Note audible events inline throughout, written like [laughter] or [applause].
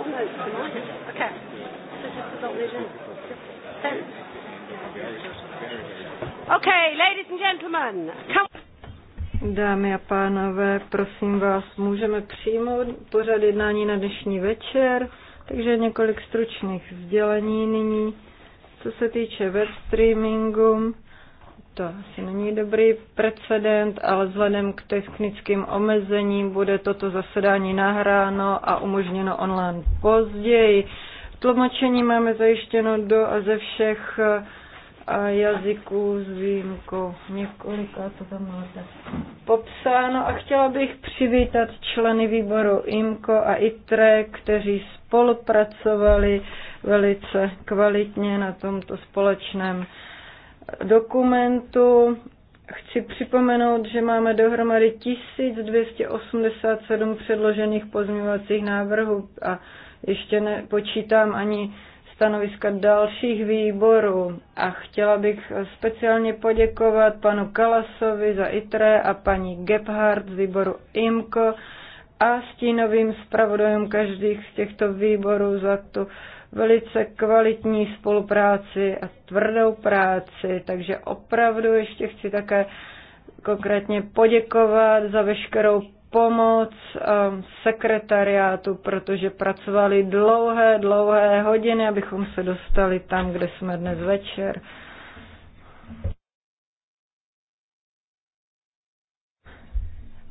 Okay, ladies and gentlemen, come Dámy a pánové, prosím vás, můžeme přijmout pořad jednání na dnešní večer, takže několik stručných sdělení nyní. Co se týče web streamingu, to asi není dobrý precedent, ale vzhledem k technickým omezením bude toto zasedání nahráno a umožněno online později. Tlumočení máme zajištěno do a ze všech eh, jazyků s výjimkou několika, to tam máte popsáno. A chtěla bych přivítat členy výboru IMCO a ITRE, kteří spolupracovali velice kvalitně na tomto společném dokumentu chci připomenout, že máme dohromady 1287 předložených pozměňovacích návrhů a ještě nepočítám ani stanoviska dalších výborů. A chtěla bych speciálně poděkovat panu Kalasovi za ITRE a paní Gebhardt z výboru IMCO a stínovým zpravodajům každých z těchto výborů za tu velice kvalitní spolupráci a tvrdou práci, takže opravdu ještě chci také konkrétně poděkovat za veškerou pomoc sekretariátu, protože pracovali dlouhé, dlouhé hodiny, abychom se dostali tam, kde jsme dnes večer.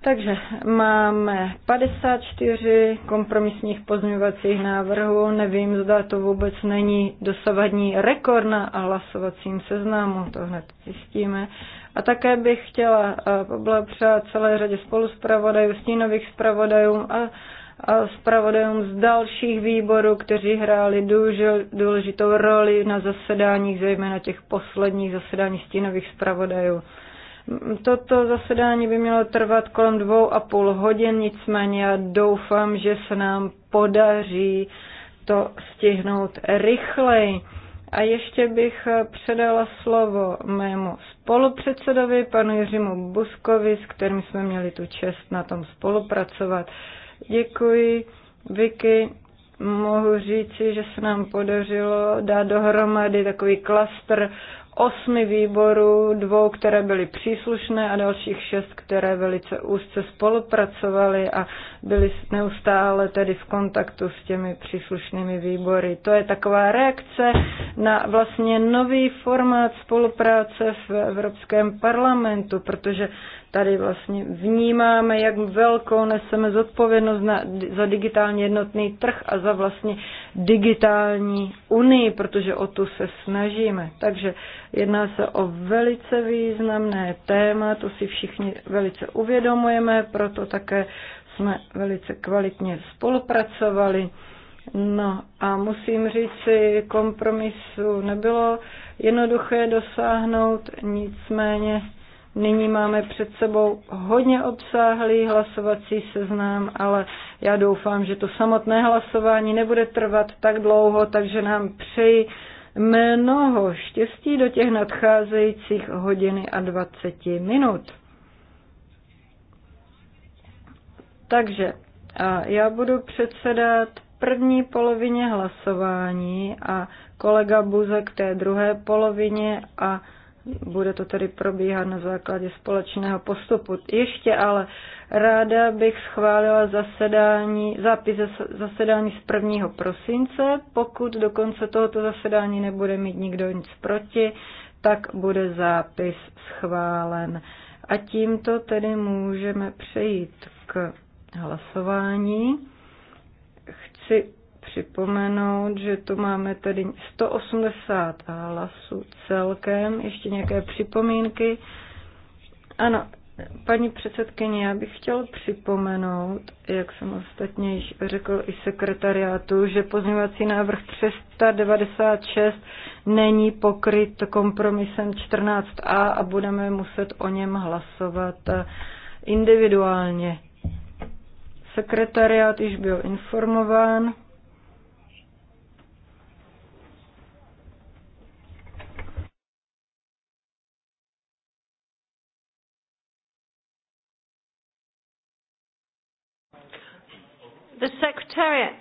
Takže máme 54 kompromisních pozměňovacích návrhů. Nevím, zda to vůbec není dosavadní rekord na hlasovacím seznamu, to hned zjistíme. A také bych chtěla eh, poblahopřát celé řadě spoluspravodajů, stínových spravodajů a zpravodajům z dalších výborů, kteří hráli důležitou roli na zasedáních, zejména těch posledních zasedání stínových zpravodajů. Toto zasedání by mělo trvat kolem dvou a půl hodin, nicméně já doufám, že se nám podaří to stihnout rychleji. A ještě bych předala slovo mému spolupředsedovi, panu Jiřimu Buskovi, s kterým jsme měli tu čest na tom spolupracovat. Děkuji, Vicky mohu říci, že se nám podařilo dát dohromady takový klastr osmi výborů, dvou, které byly příslušné a dalších šest, které velice úzce spolupracovaly a byly neustále tedy v kontaktu s těmi příslušnými výbory. To je taková reakce na vlastně nový formát spolupráce v Evropském parlamentu, protože Tady vlastně vnímáme, jak velkou neseme zodpovědnost na, za digitálně jednotný trh a za vlastně digitální unii, protože o tu se snažíme. Takže jedná se o velice významné téma, to si všichni velice uvědomujeme, proto také jsme velice kvalitně spolupracovali. No a musím říct si, kompromisu nebylo jednoduché dosáhnout, nicméně Nyní máme před sebou hodně obsáhlý hlasovací seznam, ale já doufám, že to samotné hlasování nebude trvat tak dlouho, takže nám přeji mnoho štěstí do těch nadcházejících hodiny a 20 minut. Takže já budu předsedat první polovině hlasování a kolega Buzek té druhé polovině a bude to tedy probíhat na základě společného postupu. Ještě ale ráda bych schválila zasedání, zápis zasedání z 1. prosince. Pokud do konce tohoto zasedání nebude mít nikdo nic proti, tak bude zápis schválen. A tímto tedy můžeme přejít k hlasování. Chci připomenout, že tu máme tedy 180 hlasů celkem. Ještě nějaké připomínky? Ano, paní předsedkyně, já bych chtěl připomenout, jak jsem ostatně již řekl i sekretariátu, že pozměňovací návrh 396 není pokryt kompromisem 14a a budeme muset o něm hlasovat individuálně sekretariát již byl informován the secretariat.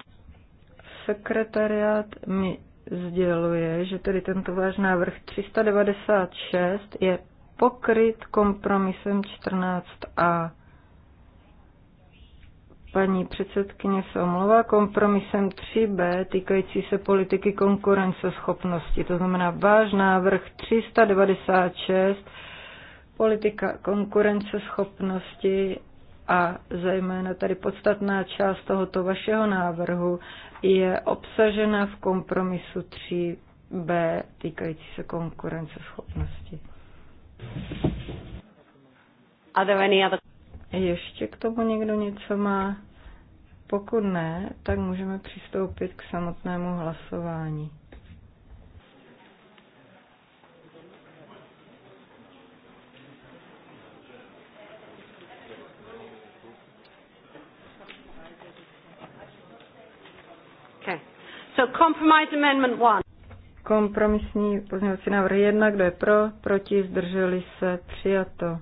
Sekretariat mi sděluje, že tedy tento váš návrh 396 je pokryt kompromisem 14a. Paní předsedkyně se omlouvá kompromisem 3b týkající se politiky konkurenceschopnosti. To znamená váš návrh 396 politika konkurenceschopnosti a zejména tady podstatná část tohoto vašeho návrhu je obsažena v kompromisu 3b týkající se konkurenceschopnosti. Ještě k tomu někdo něco má? Pokud ne, tak můžeme přistoupit k samotnému hlasování. So compromise amendment one. Kompromisní pozměňovací návrh 1, kdo je pro, proti, zdrželi se, přijato.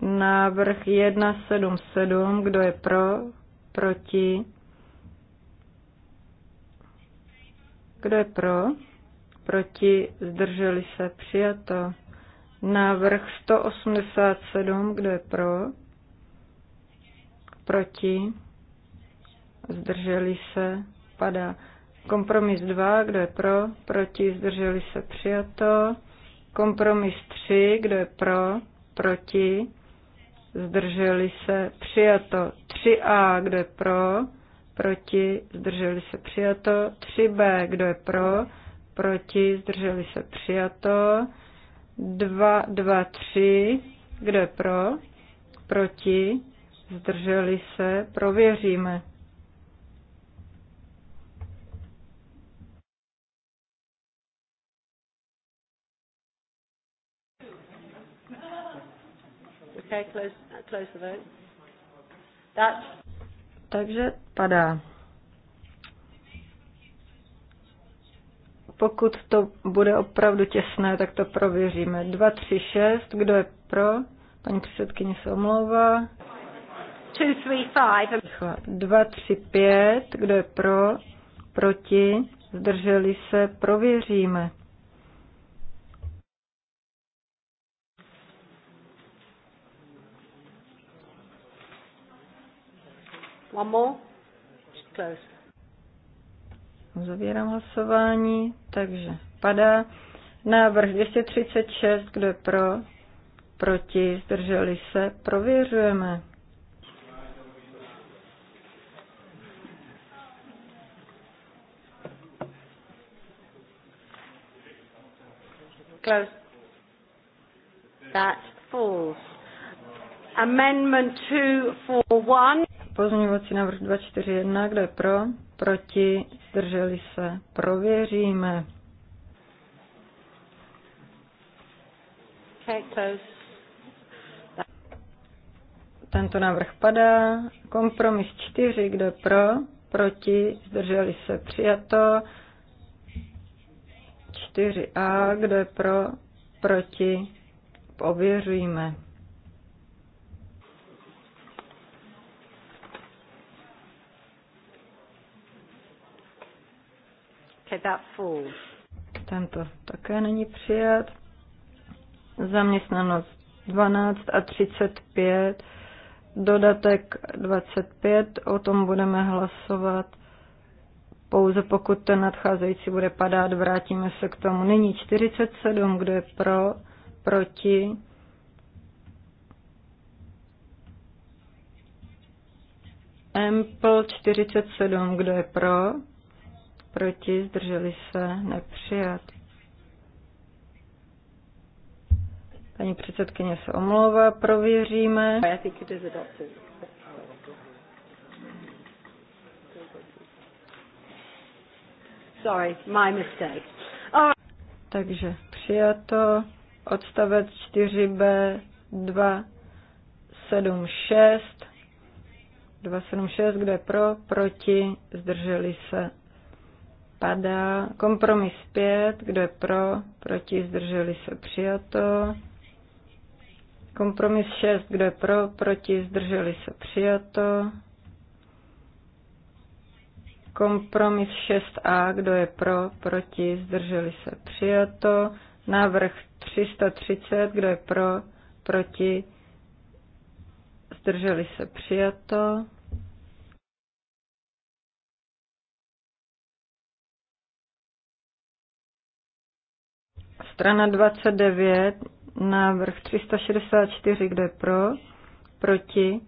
Návrh 177, kdo je pro, proti, kdo je pro, proti, zdrželi se, přijato. Návrh 187, kdo je pro, proti, zdrželi se, padá. Kompromis 2, kdo je pro, proti, zdrželi se, přijato. Kompromis 3, kdo je pro, proti, zdrželi se, přijato. 3A, kdo je pro, proti, zdrželi se, přijato. 3B, kdo je pro, proti, zdrželi se, přijato. 2, 2, 3, kdo je pro, proti, zdrželi se, prověříme. Okay, close, close the vote. That's... Takže padá. Pokud to bude opravdu těsné, tak to prověříme. 2, 3, 6. Kdo je pro? Paní předsedkyně se omlouvá. 2, 3, 5. Kdo je pro? Proti? Zdrželi se? Prověříme. One more. Close. Zavírám hlasování, takže padá. Návrh 236, kdo je pro, proti, zdrželi se, prověřujeme. Close. That falls. Amendment 241. Pozměňovací návrh 241, kdo je pro? Proti? Zdrželi se? Prověříme. Tento návrh padá. Kompromis 4, kdo je pro? Proti? Zdrželi se? Přijato. 4a, kdo je pro? Proti? pověříme. Okay, that falls. Tento také není přijat. Zaměstnanost 12 a 35. Dodatek 25, o tom budeme hlasovat pouze pokud ten nadcházející bude padat, vrátíme se k tomu. Nyní 47, kdo je pro, proti. Ample 47, kdo je pro, proti, zdrželi se, nepřijat. Paní předsedkyně se omlouvá, prověříme. Sorry, my mistake. Oh. Takže přijato odstavec 4b 276 276, kde pro, proti, zdrželi se padá. Kompromis 5, kdo je pro, proti, zdrželi se, přijato. Kompromis 6, kdo je pro, proti, zdrželi se, přijato. Kompromis 6a, kdo je pro, proti, zdrželi se, přijato. Návrh 330, kdo je pro, proti, zdrželi se, přijato. Strana 29, návrh 364, kde pro, proti,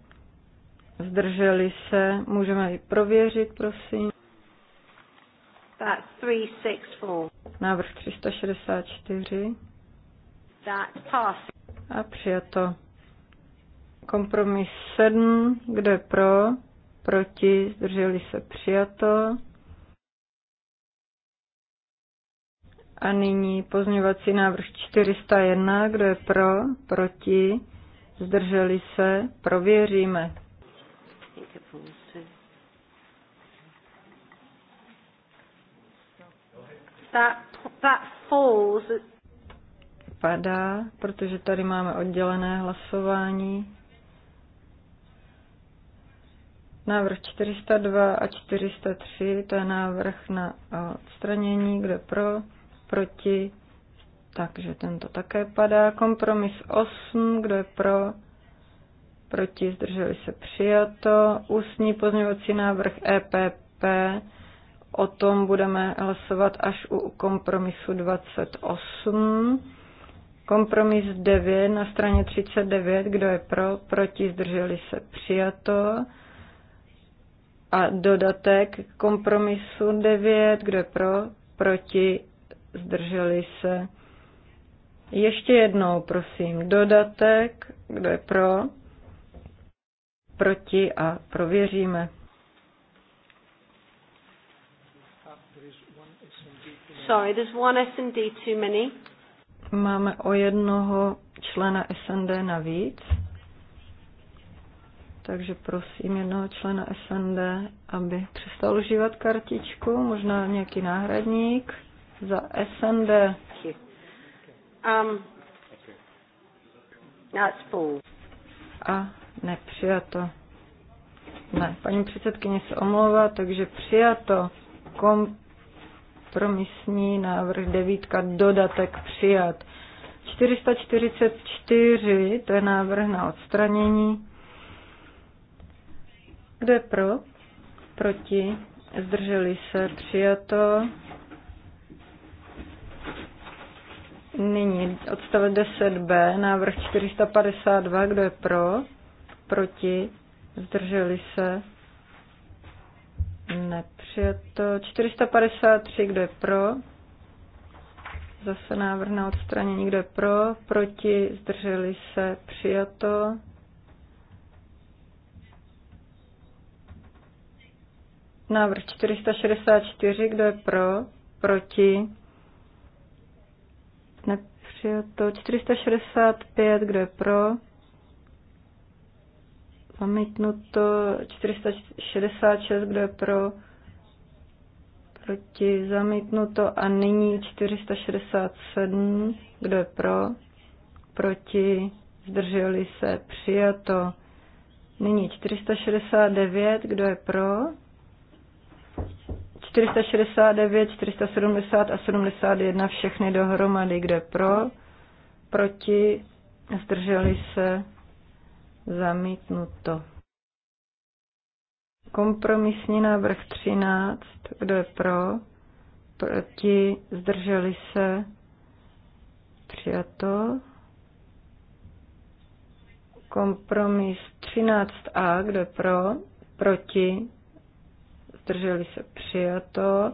zdrželi se, můžeme ji prověřit, prosím. Návrh 364. A přijato. Kompromis 7, kde pro, proti, zdrželi se, přijato. A nyní pozměňovací návrh 401, kdo je pro, proti, zdrželi se, prověříme. That, that falls. Padá, protože tady máme oddělené hlasování. Návrh 402 a 403, to je návrh na odstranění, kde pro, proti, takže tento také padá. Kompromis 8, kdo je pro, proti, zdrželi se přijato. Ústní pozměňovací návrh EPP, o tom budeme hlasovat až u kompromisu 28. Kompromis 9 na straně 39, kdo je pro, proti, zdrželi se přijato. A dodatek kompromisu 9, kdo je pro, proti, zdrželi se. Ještě jednou, prosím, dodatek, kdo je pro, proti a prověříme. Sorry, there's one SND too many. Máme o jednoho člena SND navíc. Takže prosím jednoho člena SND, aby přestal užívat kartičku, možná nějaký náhradník za SND. Um, not A nepřijato. Ne, paní předsedkyně se omlouvá, takže přijato kompromisní návrh devítka dodatek přijat. 444, to je návrh na odstranění. Kdo je pro? Proti? Zdrželi se? Přijato. Nyní odstavec 10b, návrh 452, kdo je pro, proti, zdrželi se, nepřijato. 453, kdo je pro, zase návrh na odstranění, kdo je pro, proti, zdrželi se, přijato. Návrh 464, kdo je pro, proti, Nepřijato. 465, kdo je pro? Zamítnuto. 466, kdo je pro? Proti zamítnuto. A nyní 467, kdo je pro? Proti zdrželi se přijato. Nyní 469, kdo je pro? 469, 470 a 71 všechny dohromady, kde pro, proti, zdrželi se, zamítnuto. Kompromisní návrh 13, kdo je pro, proti, zdrželi se, přijato. Kompromis 13a, kdo je pro, proti, zdrželi se přijato.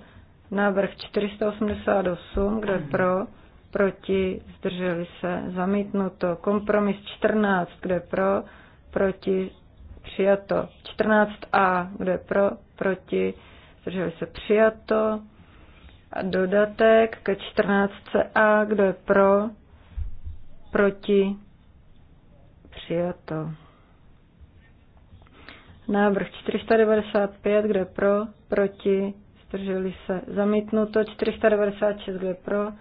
Návrh 488, kdo je pro, proti, zdrželi se zamítnuto. Kompromis 14, kdo je pro, proti, přijato. 14a, kdo je pro, proti, zdrželi se přijato. A dodatek ke 14a, kdo je pro, proti, přijato. Návrh 495, kde pro, proti, zdrželi se. Zamítnuto 496, kde pro,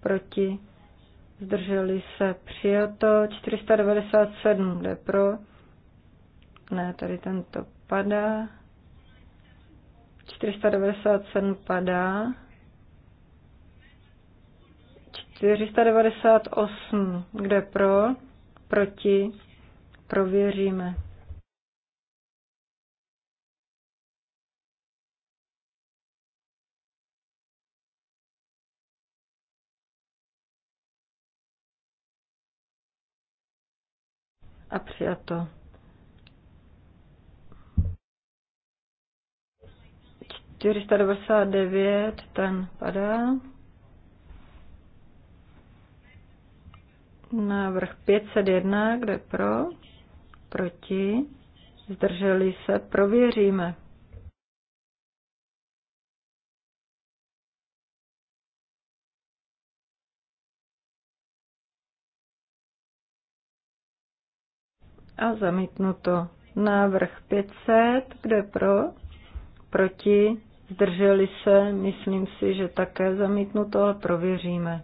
proti, zdrželi se. Přijato 497, kde pro. Ne, tady tento padá. 497 padá. 498, kde pro, proti, prověříme. a přijato. Čtyřista devadesát devět, ten padá. Návrh 501, kde pro, proti, zdrželi se, prověříme. a zamítnuto. Návrh 500, kde pro, proti, zdrželi se, myslím si, že také zamítnuto, ale prověříme.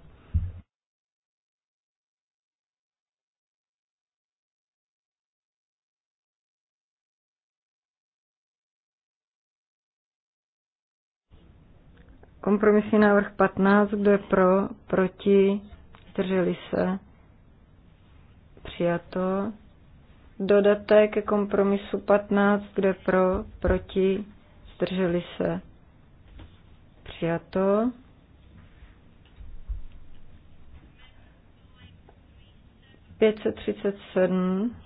Kompromisní návrh 15, kdo je pro, proti, zdrželi se, přijato dodatek ke kompromisu 15, kde pro, proti, zdrželi se. Přijato. Pětset třicet sedm.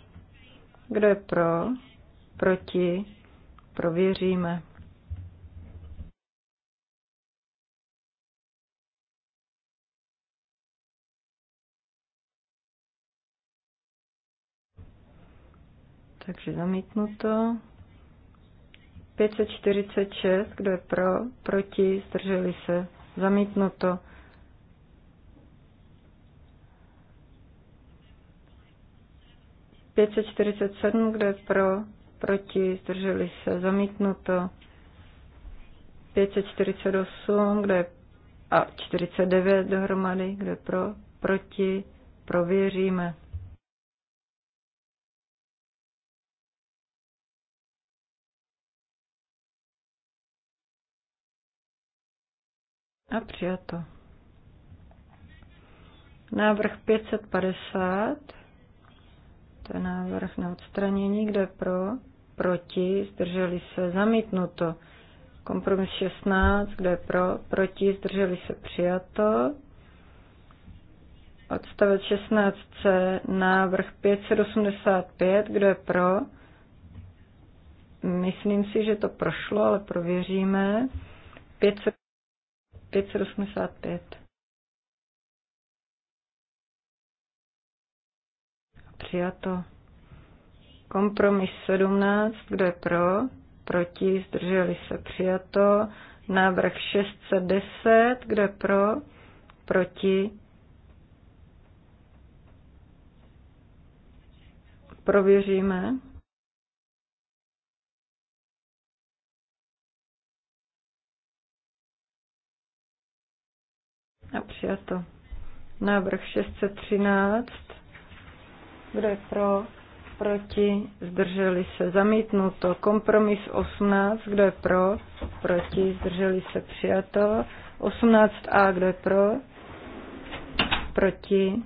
Kdo je pro? Proti? Prověříme. Takže zamítnuto. 546, kdo je pro, proti, zdrželi se, zamítnuto. Pětset čtyřicet sedm, kdo je pro, proti, zdrželi se, zamítnuto. 548, kde je, a 49 dohromady, kde pro, proti, prověříme. A přijato. Návrh 550, to je návrh na odstranění, kde pro, proti, zdrželi se, zamítnuto. Kompromis 16, kde pro, proti, zdrželi se, přijato. Odstavec 16c, návrh 585, kdo je pro? Myslím si, že to prošlo, ale prověříme. 500 585. Přijato. Kompromis 17. Kdo je pro? Proti? Zdrželi se? Přijato. Návrh 610. Kdo je pro? Proti? Prověříme. A přijato. Návrh 613. Kdo je pro? Proti? Zdrželi se. Zamítnuto. Kompromis 18. Kdo je pro? Proti? Zdrželi se. Přijato. 18a. Kdo je pro? Proti?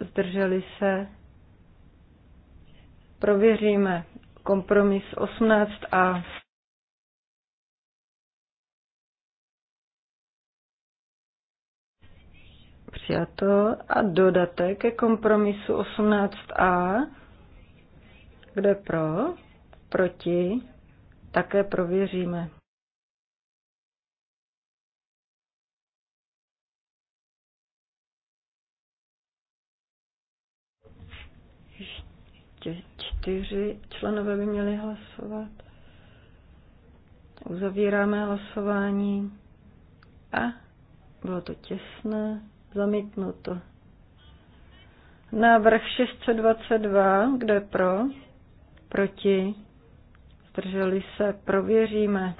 Zdrželi se. Prověříme. Kompromis 18a. přijato. A dodatek ke kompromisu 18a. Kde pro? Proti? Také prověříme. Ještě čtyři členové by měli hlasovat. Uzavíráme hlasování. A bylo to těsné. Zamítnuto. Návrh 622, kdo je pro? Proti? Zdrželi se? Prověříme.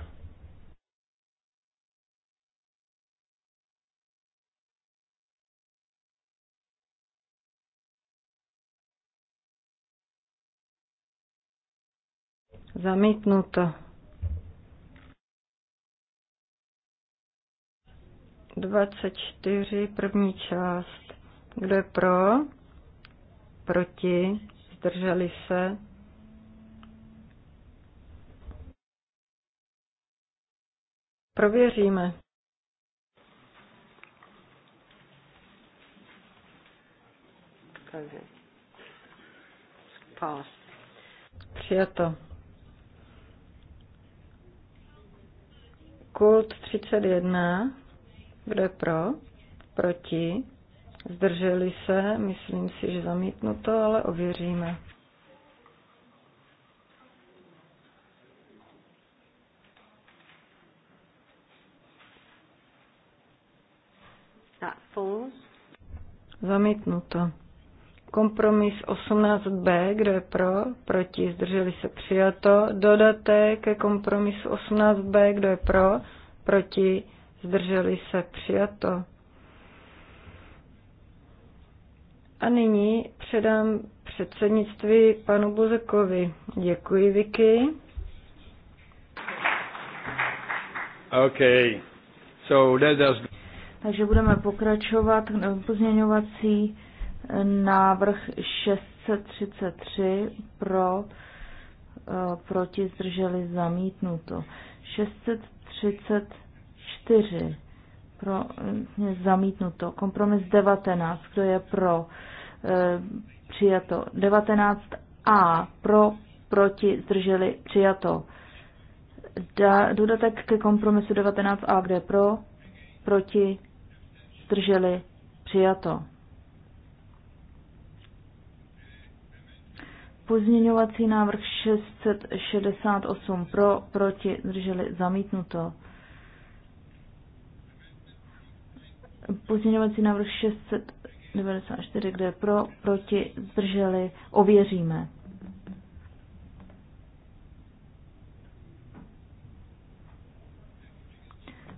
Zamítnuto. 24, první část. Kdo je pro? Proti? Zdrželi se? Prověříme. Přijato. Kult 31. Kdo je pro? Proti? Zdrželi se? Myslím si, že zamítnuto, ale ověříme. Zamítnuto. Kompromis 18b, kdo je pro, proti, zdrželi se přijato. Dodatek ke kompromisu 18b, kdo je pro, proti, zdrželi se, přijato. A nyní předám předsednictví panu Buzekovi. Děkuji, Vicky. Okay. So let us... Takže budeme pokračovat. Eh, pozměňovací eh, návrh 633 pro, eh, proti zdrželi zamítnuto. 630 4 pro eh, je zamítnuto. Kompromis 19, kdo je pro e, přijato. 19a pro proti zdrželi přijato. Da, dodatek ke kompromisu 19a, kde pro proti zdrželi přijato. Pozměňovací návrh 668 pro, proti, zdrželi zamítnuto. Pozměňovací návrh 694, kde pro, proti, zdrželi, ověříme.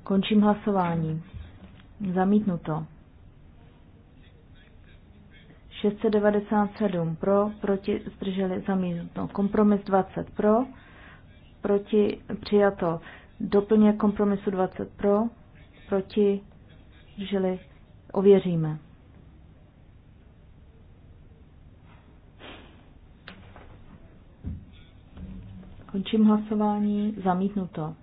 Končím hlasování. Zamítnuto. 697 pro, proti, zdrželi, zamítnuto. Kompromis 20 pro, proti, přijato. Doplně kompromisu 20 pro, proti, zdrželi, ověříme. Končím hlasování. Zamítnuto.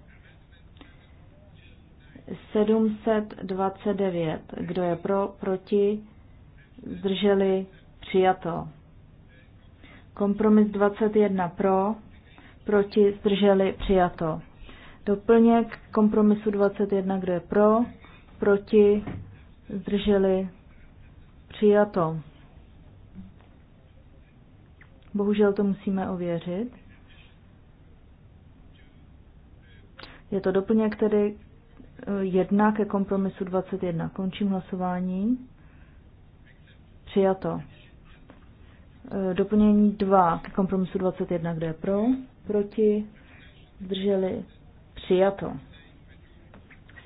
729. Kdo je pro, proti, zdrželi, přijato. Kompromis 21 pro, proti, zdrželi, přijato. Doplněk kompromisu 21, kdo je pro, proti, zdrželi, přijato. Bohužel to musíme ověřit. Je to doplněk tedy eh, jedna ke kompromisu 21. Končím hlasování. Přijato. Eh, doplnění 2 ke kompromisu 21. Kde je pro? Proti? Zdrželi? Přijato.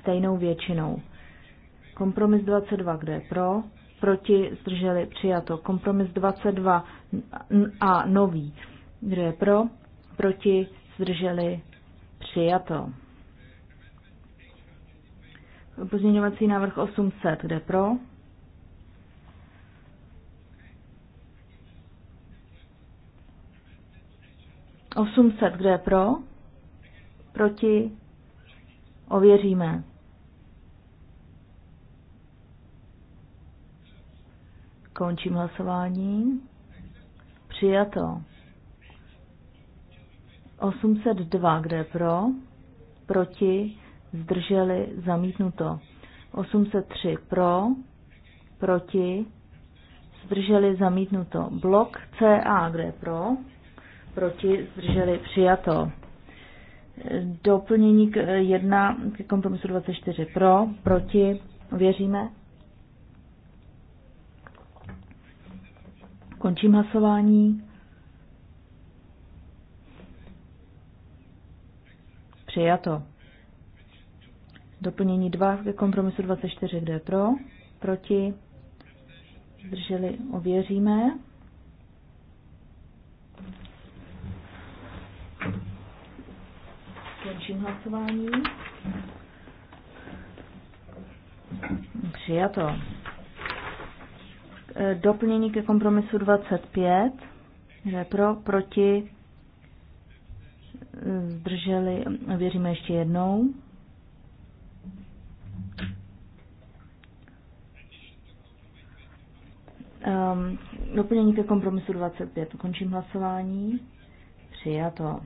Stejnou většinou. Kompromis 22, kde je pro, proti, zdrželi, přijato. Kompromis 22 a nový, kde je pro, proti, zdrželi, přijato. Pozměňovací návrh 800, kde pro? Osmset, kde pro? Proti? Ověříme. Končím hlasování. Přijato. 802, kde je pro, proti, zdrželi, zamítnuto. 803 pro, proti, zdrželi, zamítnuto. Blok CA, kde je pro, proti, zdrželi, přijato. Doplnění k 1 k kompromisu 24 pro, proti, věříme, Končím hlasování. Přijato. Doplnění 2 ke kompromisu 24, kde je pro, proti, zdrželi, ověříme. Končím hlasování. Přijato. Eh, doplnění ke kompromisu 25, že pro, proti, eh, zdrželi, věříme ještě jednou. Um, doplnění ke kompromisu 25. Končím hlasování. Přijato.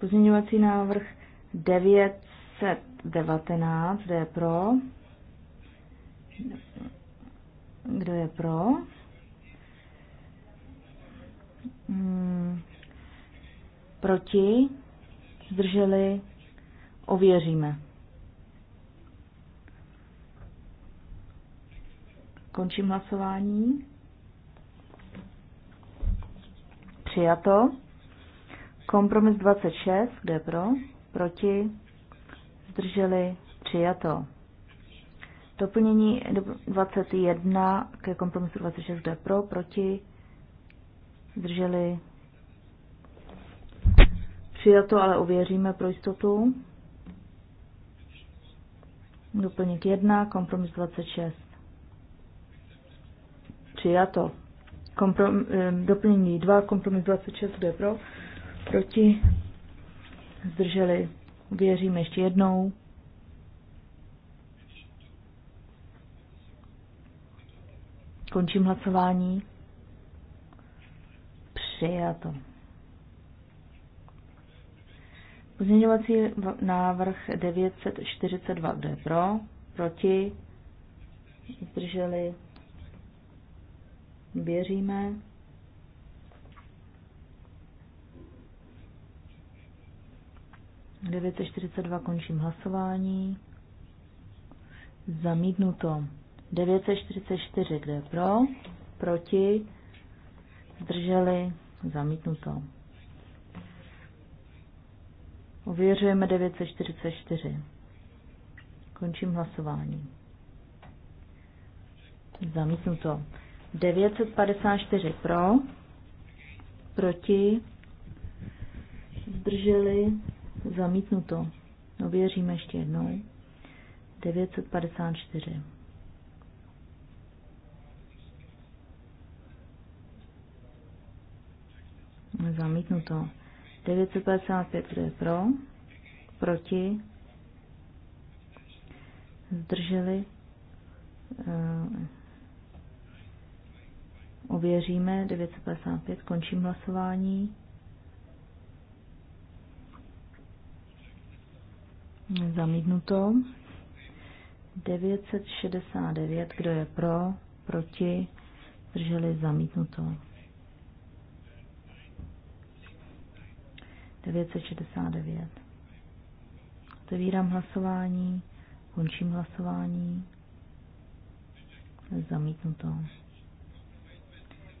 Pozměňovací návrh 919, kdo je pro? Kdo je pro? Hmm. Proti? Zdrželi? Ověříme. Končím hlasování. Přijato. Kompromis 26, kde je pro? proti, zdrželi, přijato. Doplnění 21 ke kompromisu 26, kdo pro, proti, zdrželi, přijato, ale ověříme pro jistotu. Doplněk 1, kompromis 26. Přijato. Komprom, eh, doplnění 2, kompromis 26, kde je pro, proti, zdrželi, věřím ještě jednou. Končím hlasování. Přijato. Pozměňovací návrh 942, je pro, proti, zdrželi, věříme. 942 končím hlasování. Zamítnuto. 944, kde je pro, proti, zdrželi, zamítnuto. Ověřujeme 944. Končím hlasování. Zamítnuto. 954 pro, proti, zdrželi, Zamítnuto. Ověříme no, ještě jednou. 954. Zamítnuto. 955, kdo je pro? Proti? Zdrželi? Eh, ověříme. 955, končím hlasování. Zamítnuto. 969, kdo je pro, proti, drželi zamítnuto. 969. Otevírám hlasování, končím hlasování. Zamítnuto.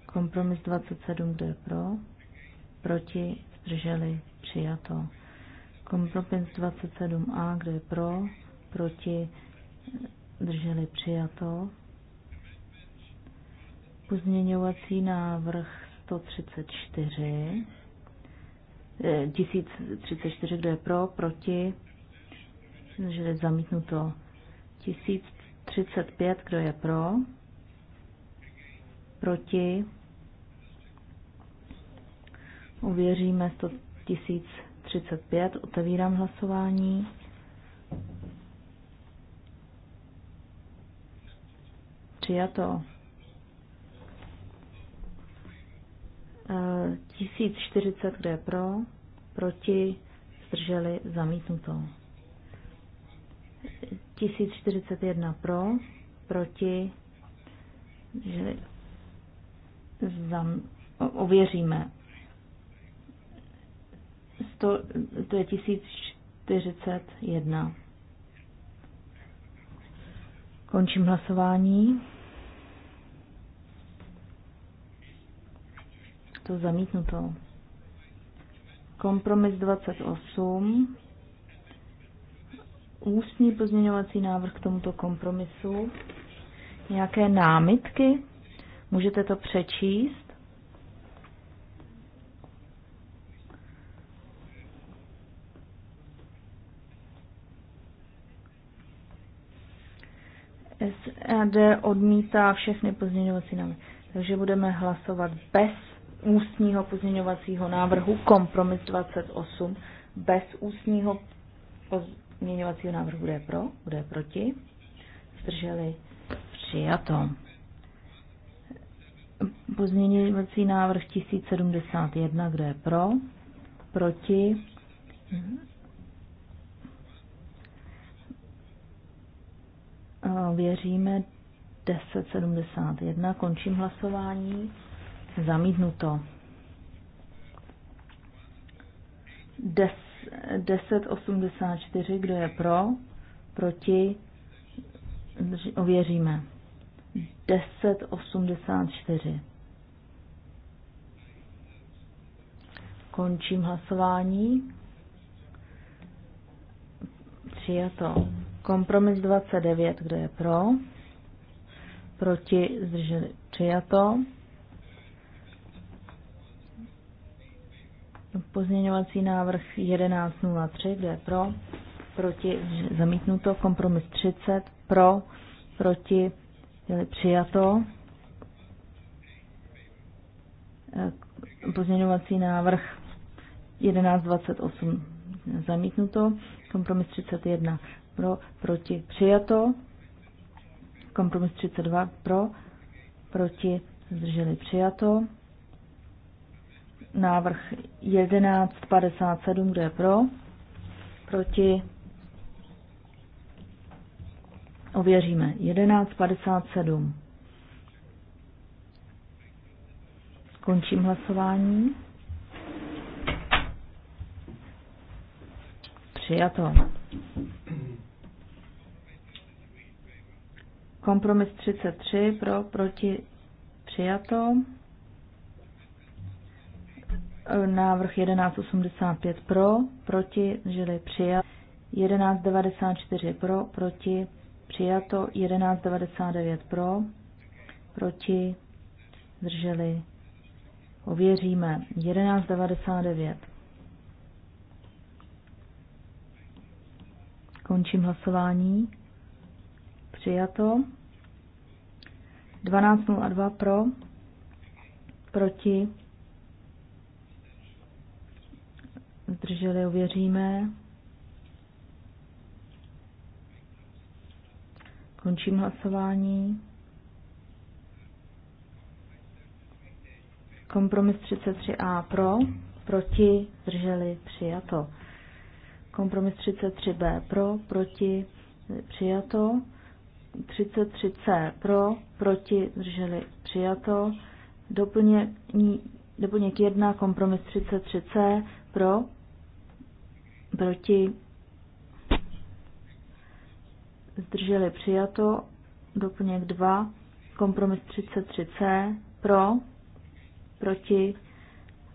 Kompromis 27, kdo je pro, proti, zdrželi, přijato. Kompropins 27a, kdo je pro, proti, drželi přijato. Pozměňovací návrh 134, 1034, eh, kdo je pro, proti, drželi zamítnuto. 1035, kdo je pro, proti, uvěříme 100 000 35. Otevírám hlasování. Přijato. 1040, e, kde je pro, proti, zdrželi, zamítnuto. 1041 pro, proti, že zam, ověříme to, to je 1041. Končím hlasování. To zamítnuto. Kompromis 28. Ústní pozměňovací návrh k tomuto kompromisu. Nějaké námitky? Můžete to přečíst? D odmítá všechny pozměňovací návrhy. Takže budeme hlasovat bez ústního pozměňovacího návrhu, kompromis 28, bez ústního pozměňovacího návrhu, bude pro, bude proti, zdrželi přijato. Pozměňovací návrh 1071, kdo je pro, proti, Věříme 1071. Končím hlasování. Zamítnuto. 1084. Kdo je pro? Proti? Ověříme. 1084. Končím hlasování. Přijato. Kompromis 29, kdo je pro? Proti zdrželi přijato. Pozměňovací návrh 1103, kdo je pro? Proti zamítnuto. Kompromis 30, pro? Proti zdrželi přijato. Pozměňovací návrh 1128 zamítnuto, kompromis 31 pro, proti, přijato. Kompromis 32 pro, proti, zdrželi přijato. Návrh 1157, kdo je pro, proti, ověříme, 1157. Končím hlasování. Přijato. Kompromis 33 pro, proti, přijato. Návrh 1185 pro, proti, žili přijat. 1194 pro, proti, přijato. 1199 pro, proti, zdrželi. Ověříme. 1199. Končím hlasování přijato. 12.02 pro, proti, zdrželi, uvěříme. Končím hlasování. Kompromis 33a pro, proti, zdrželi, přijato. Kompromis 33b pro, proti, přijato. 33C pro, proti, drželi přijato. doplněk 1, kompromis 33C pro, proti, zdrželi přijato. Doplněk 2, kompromis 33C pro, proti,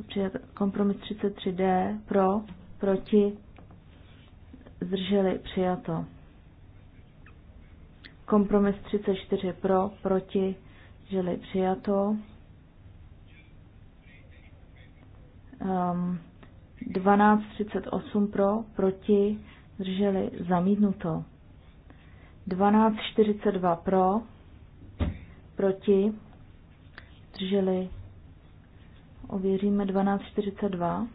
přijato. kompromis 33D pro, proti, zdrželi přijato. Kompromis 34 pro, proti, žili přijato. Um, ehm, 12.38 pro, proti, drželi zamítnuto. 12.42 pro, proti, drželi, ověříme 12.42.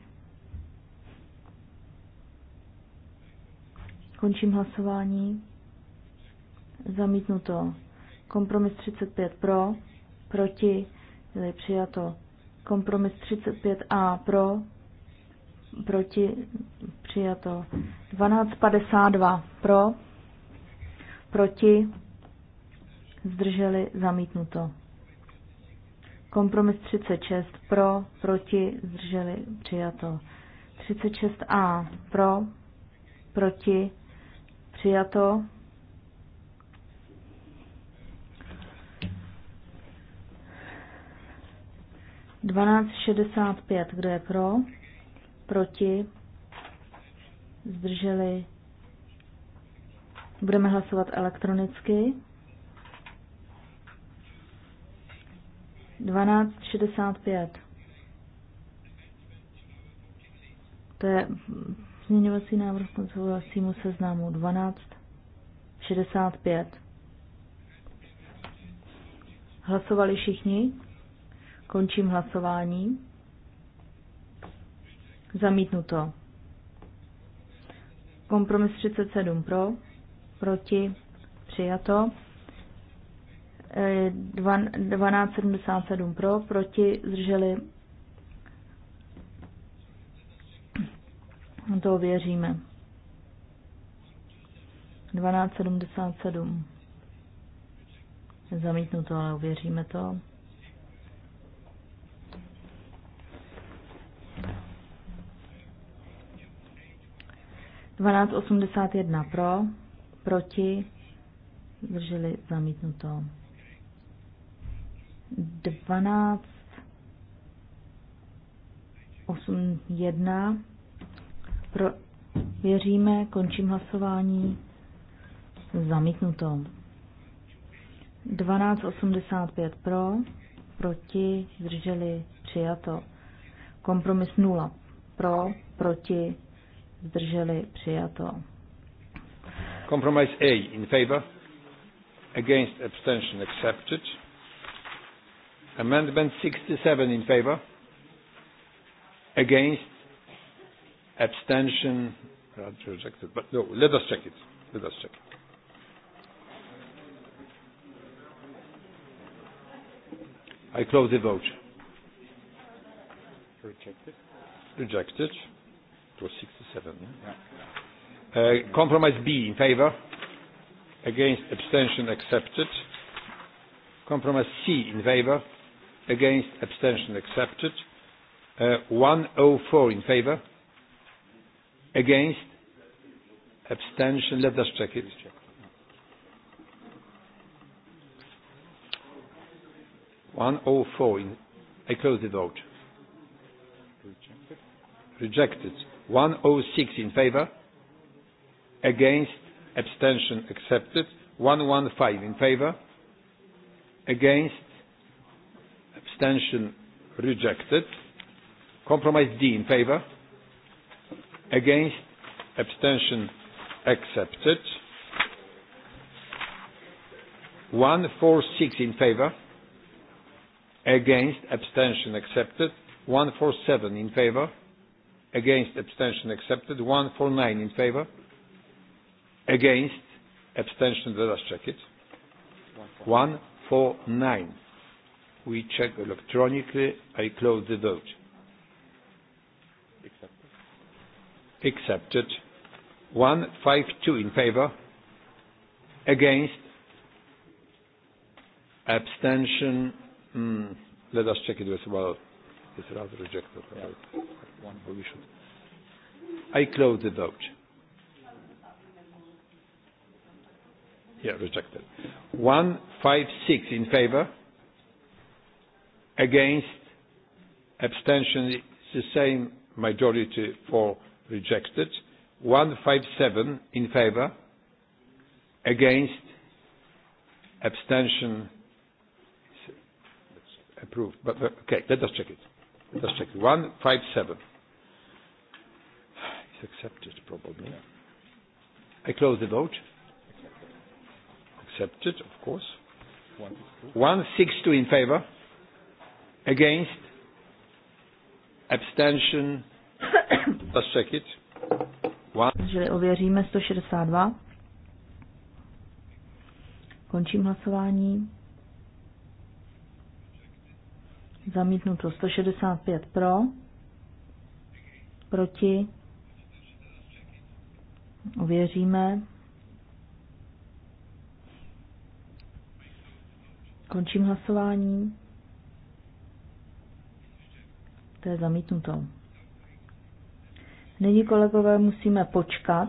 Končím hlasování zamítnuto. Kompromis 35 pro, proti, byli přijato. Kompromis 35a pro, proti, přijato. 1252 pro, proti, zdrželi, zamítnuto. Kompromis 36 pro, proti, zdrželi, přijato. 36a pro, proti, přijato. 1265, kdo je pro, proti, zdrželi. Budeme hlasovat elektronicky. 1265. To je změňovací návrh koncovacímu seznamu 1265. Hlasovali všichni? Končím hlasování. Zamítnuto. Kompromis 37 pro, proti, přijato. 1277 e, pro, proti, zdrželi. To věříme. 1277. Zamítnuto, ale uvěříme to. 1281 pro, proti, zdrželi zamítnuto. 1281 Pro, věříme, končím hlasování. Zamítnuto. 1285 pro, proti, zdrželi, přijato. Kompromis 0 pro, proti, zdrželi, přijato. Compromise A in favor, against abstention accepted. Amendment 67 in favor, against abstention rejected, but no, let us check it. Let us check it. I close the vote. Rejected. Rejected was 67. Yeah? Yeah. Uh, compromise B in favor, against abstention accepted. Compromise C in favor, against abstention accepted. Uh, 104 in favor, against abstention. Let us check it. One oh four. I close the vote rejected. 106 in favor, against, abstention accepted. 115 in favor, against, abstention rejected. Compromise D in favor, against, abstention accepted. 146 in favor, against, abstention accepted. 147 in favor, against abstention accepted 149 in favor against abstention let us check it 149 we check electronically i close the vote accepted accepted 152 in favor against abstention mm, let us check it as well it's rather rejected yeah one we should. I close the vote. Yeah, rejected. One five six in favor. Against. Abstention is the same majority for rejected. One five seven in favor. Against. Abstention approved. But, okay, let us check it. Let us check it. One five seven accepted probably. Yeah. I close the vote. Accepted, of course. One sixty-two in favor. Against. Abstention. [coughs] Let's check it. One. ověříme 162. Končím hlasování. Zamítnuto 165 pro, proti Uvěříme. Končím hlasování. To je zamítnuto. Nyní, kolegové, musíme počkat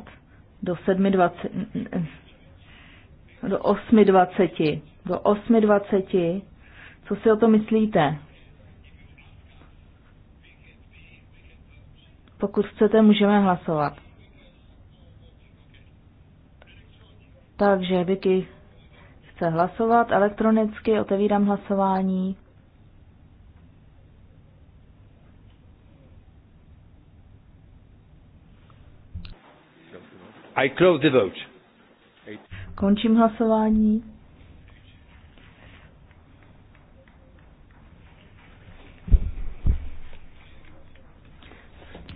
do 7.20, do 8.20, do 8.20. Co si o to myslíte? Pokud chcete, můžeme hlasovat. Takže Vicky chce hlasovat elektronicky, otevírám hlasování. I close the vote. Končím hlasování.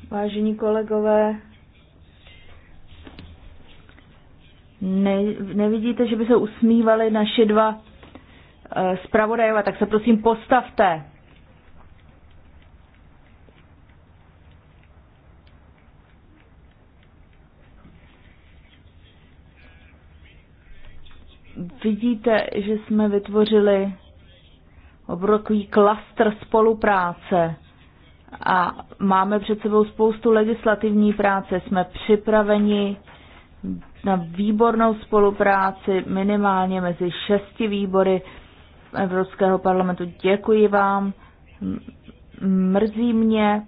Vážení kolegové, Ne, nevidíte, že by se usmívali naši dva uh, zpravodajové, tak se prosím postavte. Vidíte, že jsme vytvořili obrovský klastr spolupráce a máme před sebou spoustu legislativní práce. Jsme připraveni na výbornou spolupráci minimálně mezi šesti výbory Evropského parlamentu. Děkuji vám. Mrzí mě,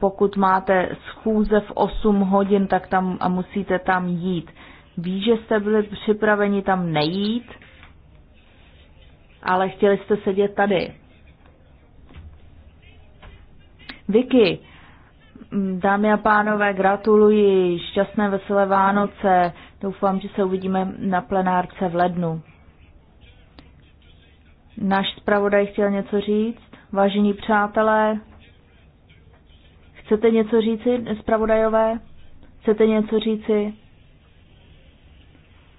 pokud máte schůze v 8 hodin, tak tam a musíte tam jít. Ví, že jste byli připraveni tam nejít, ale chtěli jste sedět tady. Vicky, Dámy a pánové, gratuluji, šťastné veselé Vánoce. Doufám, že se uvidíme na plenárce v lednu. Náš zpravodaj chtěl něco říct. Vážení přátelé, chcete něco říci, zpravodajové? Chcete něco říci?